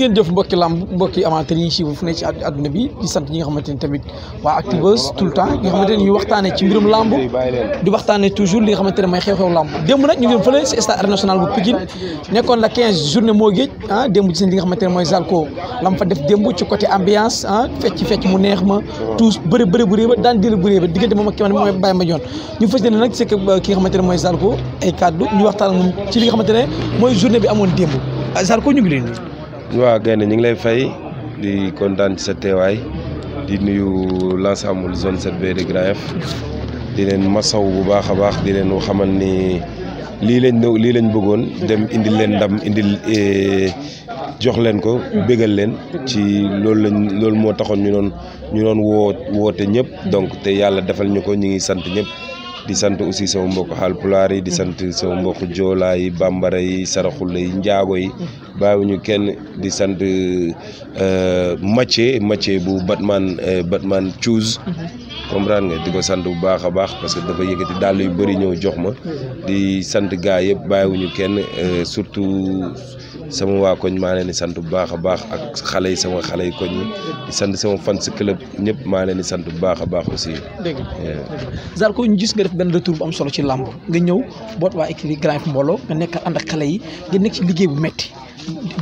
ngeen jëf mbokki làmb mbokki amateur yi siiw fu ne ci àdduna bi di sant ñi nga xamante ni tamit waa Actubuzz tout le temps ñi nga xamante ni ñu waxtaane ci mbirum làmb di waxtaane toujours li nga xamante ne may xew-xew làmb démb nag ñu ngi fële ci stade national bu Pikine nekkoon la 15 journée ah, li nga xamante ne mooy Zalko lam fa def démb ci côté ambiance ah neex ma tous bëri bëri bu réeba ne mooy Baye Mandione ñu fas yéene nag nga xamante ne mooy Zalko ay kaddu ñu waxtaan ci li nga xamante ne mooy journée bi amoon démb ñu ngi leen waaw gaynde ñu ngi lay fay di kontaan ci sa teewaay di nuyu l'ensemble zone 7B de di leen masaw bu baax a baax di leen xamal ni lii lañ lii lañ bëggoon dem indil leen ndam indil e, jox leen ko bégal leen ci loolu lañ loolu moo taxoon ñu noon ñu doon woo woote ñëpp donc te yàlla defal ñu ko ñu ngi sant ñëpp di sant aussi sama mbokk xaalpulaar yi di sant sama mbokk joolaa bambara yi saraxule yi njaago yi ñu kenn di sant euh, Mathieu Mathieu bu Batman euh, Batman Choose comprendre nga di ko sant bu baax a baax parce que dafa yëkkati dàll yu bari ñëw jox ma di sant gaa yëpp bàyyiwuñu kenn euh, surtout sama waa koñ maa leen di sant bu baax a baax ak xale yi sama xale yi koñ di sant sama fans club ñëpp maa leen di sant bu baax a baax aussi. dëgg euh. Zarko ñu gis nga def benn retour bu am solo ci làmb nga ñëw boot waa équipe grand mbooloo nga nekk ànd ak xale yi nga nekk ci liggéey bu metti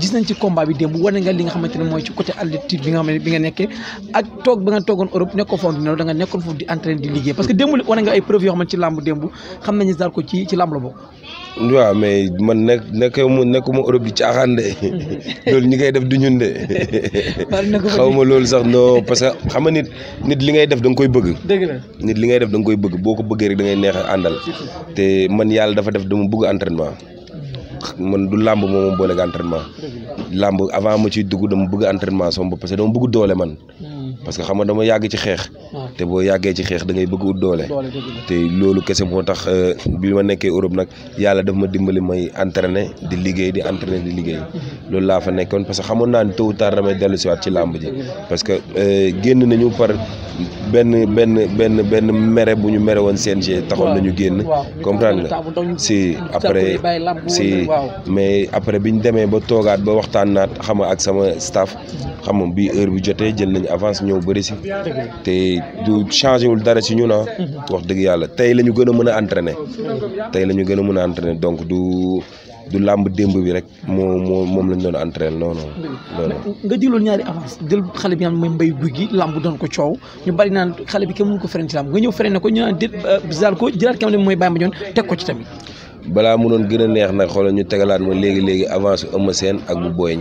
gis nañ ci combat bi démb wane nga li nga xamante ne mooy ci côté altitude bi nga xam ne bi nga nekkee ak toog ba nga toogoon Europe nekkoon foofu ne da nga nekkoon foofu di entraîné di liggéey parce que démb wane nga ay preuve yoo xamante ci làmb démb xam nañu Zarko ci ci làmb la bokk. waaw mais man nekk nekkuma Europe di caaxaan de loolu ñi kay def du ñun de. xaw ma loolu sax non parce que xam nga nit nit li ngay def da nga koy bëgg. dëgg la nit li ngay def da nga koy bëgg boo ko bëggee rek da neex a àndal. te man yàlla dafa def dama bëgg entraînement. man du làmb moom boole ak entraînement. làmb avant ma ciy dugg dama bëgg entraînement sama parce que dama bëgg doole man. parce que xam nga dama yàgg ci xeex. Ah. te boo yàggee ci xeex da ngay bëgg ut doole. te loolu kese moo tax euh, bi ma nekkee Europe nag yàlla daf ma dimbali may entraîner di liggéey di entraîner di liggéey. Mm-hmm. loolu laa fa nekkoon parce que xamoon naa ne tôt ou tard damay dellu siwaat ci làmb ji. parce que euh, génn nañu par benn benn benn benn mere bu ñu mere woon seen CNG. taxoon nañu génn. comprendre nga si après si mais après bi ñu demee ba toogaat ba waxtaan naat xam nga ak sama staff. Mm-hmm. xam nga bi heure bi jotee ñëw bëri si te du changé wul dara si ñun ah mhm. wax dëgg yàlla tey la ñu gën a mën a entraîné tey la ñu gën a mën a entraîné donc du du làmb démb bi rek moo moo moom lañ doon entraîné noonu non nga jëloon ñaari avance jël xale bi naan mooy mbay guy gi làmb doon ko coow ñu bari naan xale bi kenn mënu ko freiné ci làmb nga ñëw freiné ko ñu naan déet bizarre euh, ko jëlaat kenn mooy bàyyi ma ñoon teg ko ci tamit balaa munoon gën a neex na xoolal ñu tegalaat ma léegi-léegi avance Eumeu Sène ak bu Boy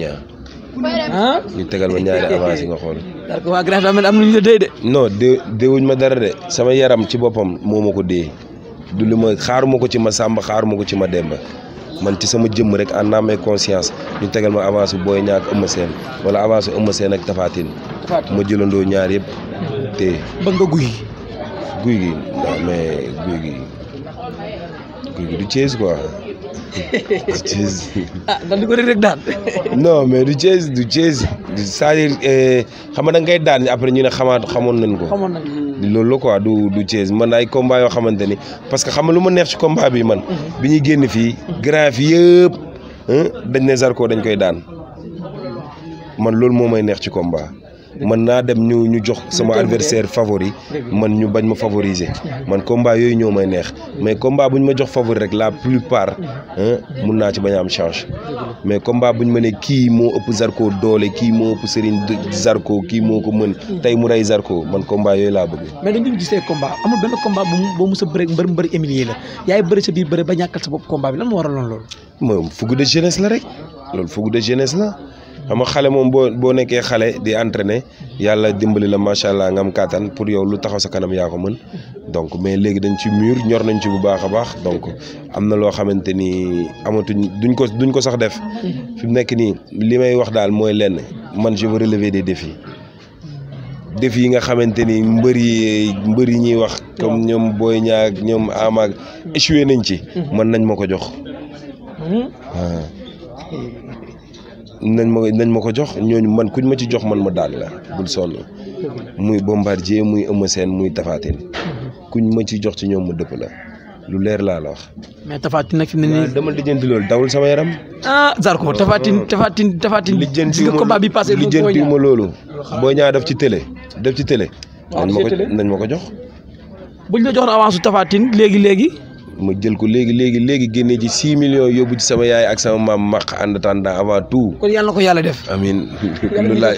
ah. ñu tegal ma ñaari avance nga xool. parce que am lu ñu la de. non dé ma dara de sama yaram ci boppam moo ma ko dee du xaar ma ko ci ma sàmba xaar ma ko ci ma demba man ci sama jëmm rek en âme et conscience ñu tegal ma avance booy ñaar ak Eumeu Sène wala avance Eumeu Sène ak Tapha Tine ma jëlandoo ñaar yëpp te. ba nga guy. guy gi non mais guy gi guy gi du Thiès quoi. Chelsea. ah dañu ko rek du Chelsea du Chelsea cest à xam nga da nga koy daan après ñu ne xamaat xamoon nañ ko. xamoon ko loolu la quoi du du Chelsea man ay combat yoo xamante ni parce que xam nga lu ma neex ci combat bi man. Mhm. bi ñuy génn fii. grave yëpp dañ ne Zarko dañ koy daan man loolu moom may neex ci combat. mën naa dem ñu ñu jox sama adversaire favori man ñu bañ ma favoriser man combat yooyu ñoo may neex mais combat bu ñu ma jox favori rek la plupart mun naa ci bañ am change mais combat bu ñu ma ne kii moo ëpp Zarko doole kii moo ëpp Serigne Zarko kii moo ko mën tey mu rey Zarko man combat yooyu laa bëgg. mais dañu gisee combat amul benn combat bu mu boo mos a bëre mbër mbër humilié la yaay bëri sa biir bëri ba ñàkkal sa bopp combat bi lan moo waraloon loolu. moom la rek loolu fougue de jeunesse la. xam nga xale moom boo boo nekkee xale di entraîner yàlla dimbali la macha allah ngam am pour yow lu taxaw sa kanam yaa ko mën donc mais léegi dañ ci mur ñor nañ ci bu baax a baax donc am na loo xamante ni amatuñ duñ ko duñ ko sax def. fi mu nekk nii li may wax daal mooy lenn man je veux relever des défis. défis yi nga xamante ni mbër yi mbër yi ñuy wax. comme ñoom booy Niang ñoom Ama échoué nañ ci. Mm-hmm. mën nañ ma ko jox. Mm-hmm. nañ ma nañ ma ko jox ñooñu man kuñ ma ci jox man ma daan la bul sonn muy bombardier muy Eumeu seen muy Tapha kuñ ma ci jox ci ñoom ma dëpp la lu leer laa la wax. mais Tapha Tine nag fi mu ne nii. loolu dawul sama yaram. ah Zarko Tapha Tine Tapha Tine Tapha Tine. lijjanti ma combat bi passé lijjanti ma loolu. boo ñaa def ci télé def ci télé. nañ ma ko nañ ma ko jox. buñ la jox avance su Tapha léegi léegi. ma jël ko léegi léegi léegi génne ci 6 millions yóbbu ci sama yaay ak sama maam maq en attendant avant tout. kon yàlla na ko yàlla def. amiin loolu laa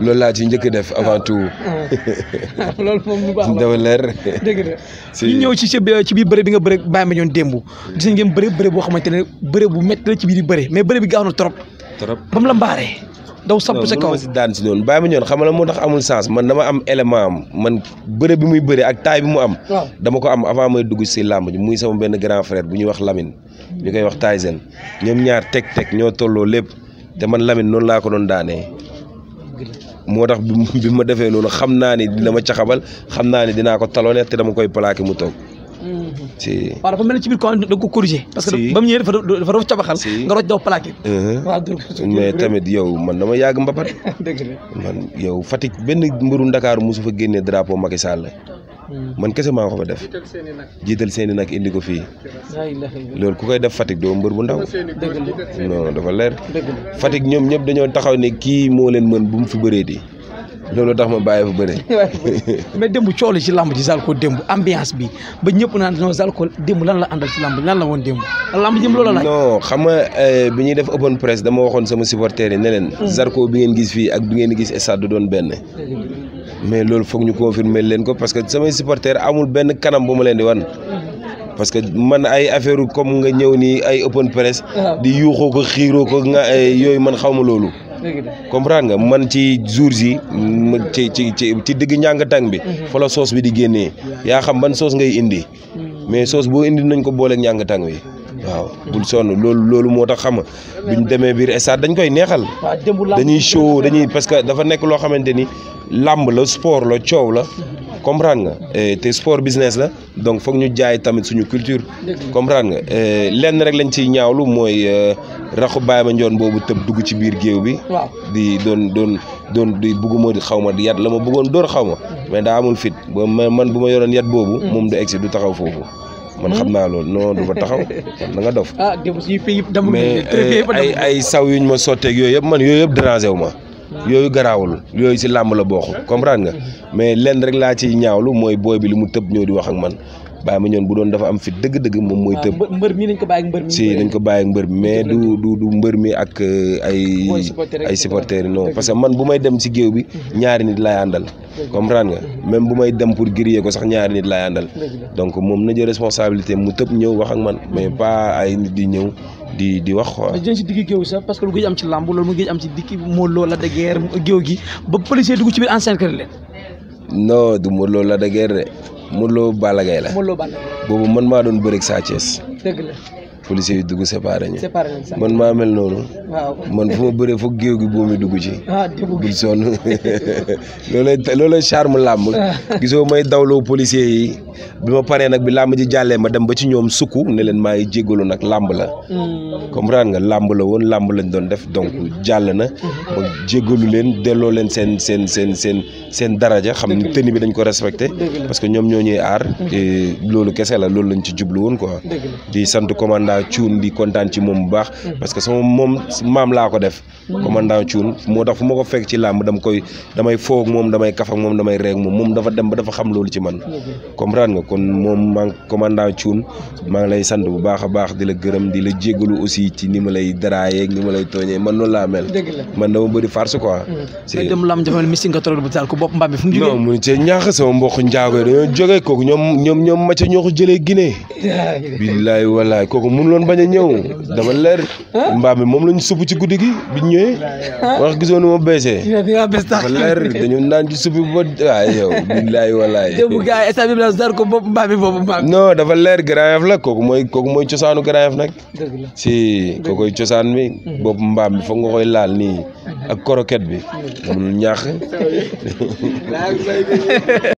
loolu laa ci njëkk a def avant tout. Ah. loolu moom bu baax leer. dëgg la ñëw ci ci biir bëre bi nga bëre bàyyi ma ñoon démb. gis ngeen bëre bëre boo xamante ne bëre bu métti la ci biir bëre mais bëre bi gaa na trop. trop la mbaaree. daw samp sa kaw non si daan si noonu bàyyi ma ñoon xam la moo tax amul sens man dama am element am man bëre bi muy bëre ak taay bi mu am. dama ko am avant may dugg si làmb muy sama benn grand frère bu ñu wax lamin ñu koy wax Tyson ñoom ñaar teg teg ñoo tolloo lépp te man Lamine noonu laa ko doon daanee. moo tax bi ma defee loolu xam naa ni dina ma caxabal xam naa ni dinaa ko taloone te dama koy plaqué mu toog. si waaw dafa mel ni ci biir da nga ko corrigé. parce que ba mu ñëwee dafa dafa dafa cabaxal. nga roj daw plaqué. Uh-huh. mais tamit yow man dama yàgg mbapat. dëgg la man yow Fatick benn mbëru Ndakaaru mosu fa génnee drapeau Macky Sall la hmm. man kese maa ko fa def jiital seeni nag indi ko fii loolu ku koy def Fatick doo mbër bu ndaw non dafa leer Fatick ñoom ñëpp dañoo taxaw ne kii moo leen mën bu mu fi bëree di loolu tax ma bàyyi fa bëre mais démb coow li ci làmb ji Zarko démb ambiance bi ba ñëpp naan non Zarko démb lan la àndal ci làmb lan la woon démb làmb jëm loolu la non xam nga eh, bi ñuy def open press dama waxoon sama supporters yi ne leen hmm. Zarko bi ngeen gis fii ak bi ngeen gis stade du doon benn mais loolu foog ñu confirmer leen ko parce que samay supporters amul benn kanam bu ma leen di wan parce que man ay affaire comme nga ñëw nii ay open press di yuuxoo ko xiiroo ko nga eh, yooyu man xaw ma loolu comprendre nga man ci jours yi ci ci ci ci digg njàng bi mhm. fa la soos bi di génnee yaa xam ban soos ngay indi mhm. mais soos boo indi nañ ko boole njàng bi waaw bul sonn loolu loolu moo tax xam nga buñ demee biir stade dañ koy neexal dañuy show dañuy parce que dafa nekk loo xamante ni làmb la sport la coow la mhm. comprendre nga eh, te sport business la donc foog ñu jaay tamit suñu culture comprendre nga eh, lenn rek lañ ciy ñaawlu mooy eh, raxu baay ma njoon boobu tëb dugg ci biir géew bi di doon doon doon di bugguma xaw ma yat la ma bëggoon dóor xaw ma mais daa amul fit ba man bu ma yoroon yat boobu hmm. moom du egsi du taxaw foofu man xam naa loolu non du fa taxaw man na nga dof ah, mais ay ay saw ñu ma sotteeg yooyu yëpp man yooyu yëpp dérangé wu ma yooyu garaawul yooyu si làmb la bokk comprendre nga mm-hmm. mais lenn rek laa ciy ñaawlu mooy booy bi li mu tëb ñëw di wax ak man ma Mandione bu doon dafa am fi dëgg-dëgg moom mooy ah, tëb mbër mi dañ ko bàyyi ak mbër mi si dañ ko bàyyi ak mais du du du mbër mi ak euh, ay ay supporters yi non parce que man bu may dem si géew bi ñaari nit laay àndal comprendre nga même bu may dem pour griller ko sax ñaari nit laay àndal donc moom na jël responsabilité mu tëb ñëw wax ak man mais pas ay nit di ñëw di di wax quoi. dañu si digg géew sax parce que lu am ci làmb loolu mu am ci dikki moo loola de guerre géew gi ba policier dugg ci biir enceinte leen. non du moo loola de guerre de. Modou Lo Balla la. Modou Lo boobu man maa doon bëreeg Sa Thiès. policiers yi dugg séparé ñu. séparé ñu man maa mel noonu. waaw man fu ma bëree foog géew gi buum yi dugg ci. ah dugg bul sonn loolay loolay charme làmb. gisoo may dawloo policiers yi bi ma paree nag bi làmb ji jàllee ma dem ba ci ñoom sukk ne leen maa ngi jéggalu nag làmb la. Hmm. comprendre nga làmb woon làmb lañ doon def donc jàll na. Hmm. ma leen delloo leen seen seen seen seen seen daraja xam ne bi dañ ko respecté. parce que ñoom ñoo ñuy aar. Hmm. loolu kese la loolu lañ ci jublu woon quoi. di sant commandant Thioune di kontaan ci moom bu baax mm-hmm. parce que sama moom maam laa ko def mm-hmm. commandant Thioune moo tax fu ma ko fekk ci làmb dama koy damay ba dafa mm-hmm. a baax di la gërëm di la jégalu aussi ci ni ma lay daraayeeg ni ma lay tooñee man noonu laa mel man dama dañoo jógee kooku ñoom ñoom ñoo ko jëlee Guinée billaay wallaay kooku mënu loon bañ a ñëw dama leer. mbaam mi moom lañ supp ci guddi gi biñ ñëwee. wax gisoo ni ma beesee. dama leer dañu naan ci supp ba waaye yow. billaay walaay. démb gars yi état bi la zar mi boobu mbaam dafa leer Grand Yoff la kooku mooy kooku mooy cosaanu Grand Yoff nag. si kookoy cosaan mi. Hmm. bopp mbaam mi foog laal nii. ak koroket bi. mënul hmm. ñaax.